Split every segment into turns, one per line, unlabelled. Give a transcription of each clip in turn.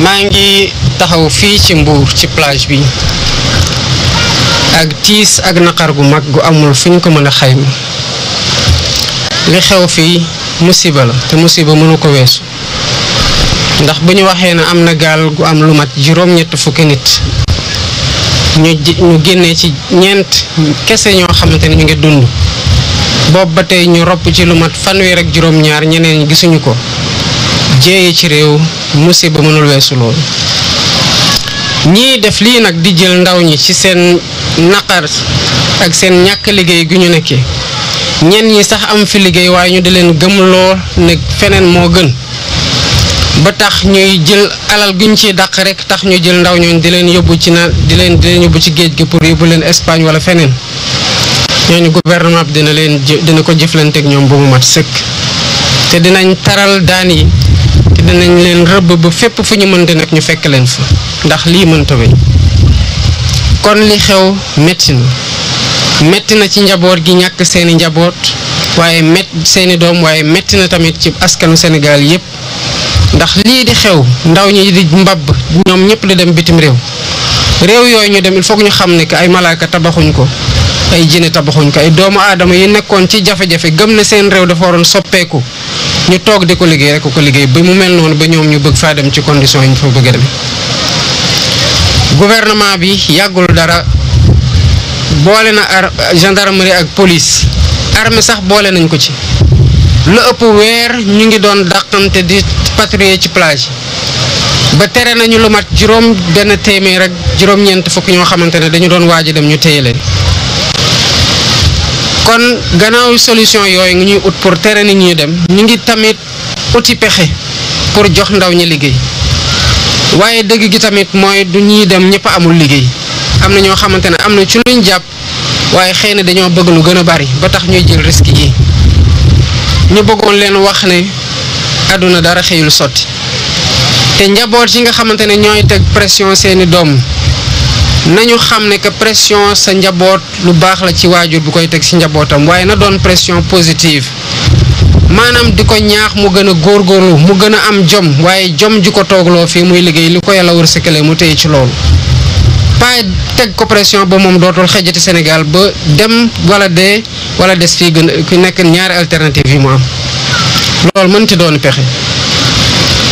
maa ngi taxaw fii ci Mbour ci plage bi ak tiis ak naqar gu mag gu amul fu ñu ko mën a xayma li xew fii musiba la te musiba mënu ko weesu ndax bu ñu waxee ne am na gaal gu am lu mat juróom-ñett fukki nit ñu ñu génnee ci ñeent kese ñoo xamante ne ñu ngi dund boobu ba tey ñu ropp ci lu mat fanweer ak juróom-ñaar ñeneen gisuñu ko jéeye ci réew musiba mënul weesu lool ñii def lii nag di jël ndaw ñi ci seen naqar ak seen ñàkk liggéey gi ñu nekke ñenn ñi sax am fi liggéey waaye ñu di leen gëmloo ne feneen moo gën ba tax ñuy jël alal guñ ciy dàq rek tax ñu jël ndaw ñooñ di leen yóbbu ci na di leen di leen ci géej gi pour yi bu leen Espagne wala feneen ñooñu gouvernement bi dina leen dina ko jëflanteeg ñoom ba mu mat sëkk te dinañ taral daan yi danañ leen rëbb ba fépp fu ñu mënte nag ñu fekk leen fa ndax lii mënta weñ kon li xew metti metti na ci njaboot gi ñàkk seeni njaboot waaye met seeni doom waaye na tamit ci askanu Sénégal yépp ndax lii di xew ndaw ñi di mbabb ñoom ñëpp di dem bitim réew réew yooyu ñu dem il faut ñu xam ne que ay malaaka tabaxuñ ko ay jinne tabaxuñ ko ay doomu aadama yi nekkoon ci jafe-jafe gëm na seen réew dafa waroon soppeeku ñu toog di ko liggéey rek ko liggéey ba mu mel noonu ba ñoom ñu bëgg faa dem ci condition yi ñu fa bëgg a demee bi yàggul dara boole na ar gendarmerie ak police armée sax boole nañ ko ci lu ëpp weer ñu ngi doon daqante di patrouiller ci plage ba tere nañu lu mat juróom benn téeméer ak juróom-ñeent fukk ñoo xamante ne dañu doon waaj a dem ñu téye leen kon gannaaw solution yooyu nga ñuy ut pour tere nit ñuy dem ñu ngi tamit uti pexe pour jox ndaw ñi liggéey waaye dëgg gi tamit mooy du ñuy dem ñëpp amul liggéey am na ñoo xamante ne am na ci luñ jàpp waaye xëy na dañoo bëgg lu gën a bari ba tax ñuy jël risque yi ñu bëggoon leen wax ne àdduna dara xëyul sotti te njaboot yi nga xamante ne ñooy teg pression seeni doom nañu xam ne que pression sa njaboot lu baax la ci waajur bu koy teg ci njabootam waaye na doon pression positive maanaam di ko ñaax mu gën a góorgóorlu mu gën a am jom waaye jom ju ko toogloo fii muy liggéey li ko yàlla wërsëkale mu tey ci loolu pas teg ko pression ba moom dootul xejati Sénégal ba dem wala dee wala des fii gën ku nekk ñaari alternative yi mu am loolu mënti doon pexe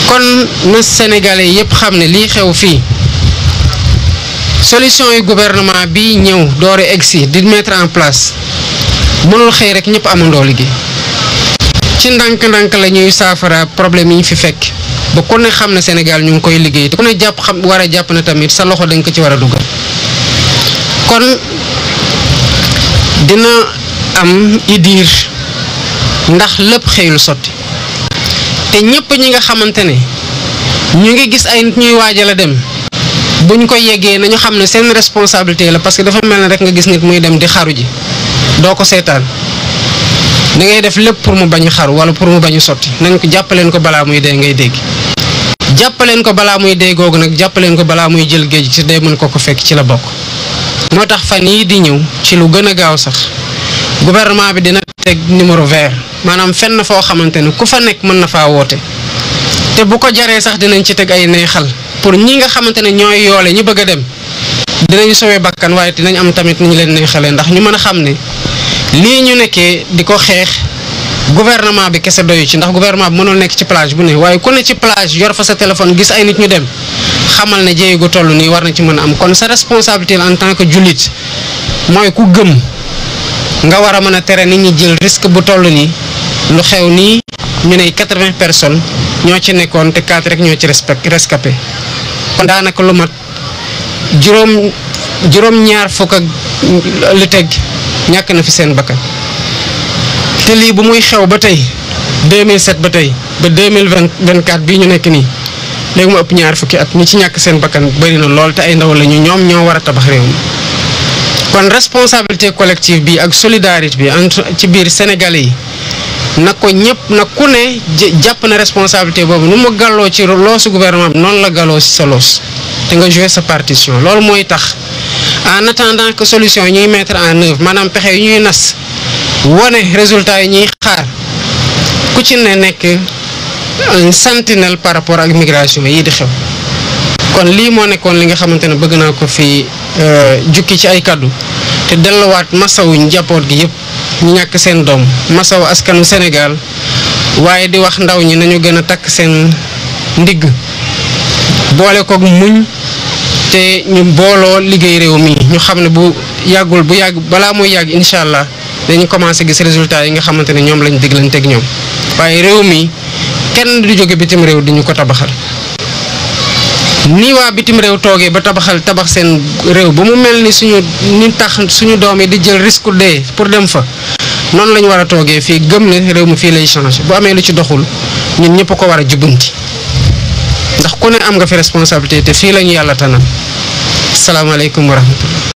kon na sénégalais yépp xam ne lii xew fii solution yi gouvernement bi ñëw door a egsi di mettre en place mënul xëy rek ñëpp amandoo liggéey ci ndànk-ndànk la ñuy saafara problème yi ñu fi fekk ba ku ne xam ne Sénégal ñu ngi koy liggéey te ku ne jàpp xam war a jàpp na tamit sa loxo danga ko ci war a dugal kon dina am idir ndax lépp xëyul sotti te ñëpp ñi nga xamante ne ñu ngi gis ay nit ñuy waajal a dem. buñ ko yeggee nañu xam ne seen responsabilité la parce que dafa mel ne rek nga gis nit muy dem di xaru ji doo ko seetaan da ngay def lépp pour mu bañ xaru wala pour mu bañu sotti nañ ko jàppaleen ko balaa muy dee ngay dégg jàppaleen ko balaa muy dee googu nag jàppaleen ko balaa muy jël géej ci dee mën ko ko fekk ci la bokk moo tax fan yii di ñëw ci lu gën a gaaw sax gouvernement bi dina teg numéro vert maanaam fenn foo xamante ne ku fa nekk mën na faa woote te bu ko jaree sax dinañ ci teg ay neexal pour ñi nga xamante ne ñooy yoole ñi bëgg a dem dinañ sowee bàkkan waaye dinañ am tamit ni ñu leen neexalee ndax ñu mën a xam ne lii ñu nekkee di ko xeex gouvernement bi kese doyu ci ndax gouvernement bi mënul nekk ci plage bu ne waaye ku ne ci plage yor fa sa téléphone gis ay nit ñu dem xamal ne jéey gu toll nii war na ci mën a am kon sa responsabilité en tant que jullit mooy ku gëm nga war a mën a tere nit ñi jël risque bu toll nii lu xew nii ñu ne 80 personnes. ñoo ci nekkoon te quatre rek ñoo ci respect rescapé kon daanaka lu mat juróom juróom-ñaar fukk ak lu teg ñàkk na fi seen bakkan te lii bu muy xew ba tey 2007 ba tey ba 2024 bii ñu nekk nii léegi mu ëpp ñaar fukki at ñi ci ñàkk seen bakkan bëri na lool te ay ndaw la ñu ñoom ñoo war a tabax réew mi kon responsabilité collective bi ak solidarité bi entre ci biir Sénégalais yi na ko ñëpp na ku ne jàpp na responsabilité boobu nu mu gàlloo ci loosu gouvernement bi noonu la galoo si sa loos te nga joué sa partition loolu mooy tax en attendant que solution yi ñuy mettre en œuvre maanaam pexe yu ñuy nas wane résultat yi ñuy xaar ku ci ne nekk un par rapport ak migration yi di xew kon lii moo nekkoon li nga xamante ne bëgg naa ko fi euh, jukki ci ay kaddu te delluwaat masawu njaboot gi yëpp. ñu ñàkk seen doom masaw askanu Sénégal waaye di wax ndaw ñi nañu gën a takk seen ndigg boole koog muñ te ñu booloo liggéey réew mii ñu xam ne bu yàggul bu yàgg balaa muy yàgg incha allah dañu commencé gis résultat yi nga xamante ne ñoom lañ teg ñoom waaye réew mii kenn du jóge bitim réew di ñu ko tabaxal. ni waa bitim réew toogee ba tabaxal tabax seen réew bu mu mel ni suñu ni tax suñu doom yi di jël risque dee pour dem fa noonu la ñu war a toogee fii gëm ne réew mi fii lay changé bu amee lu ci doxul ñun ñëpp ko war a jubbanti ndax ku ne am nga fi responsabilité te fii la ñu yàlla tanam salaamaaleykum wa rahmatullah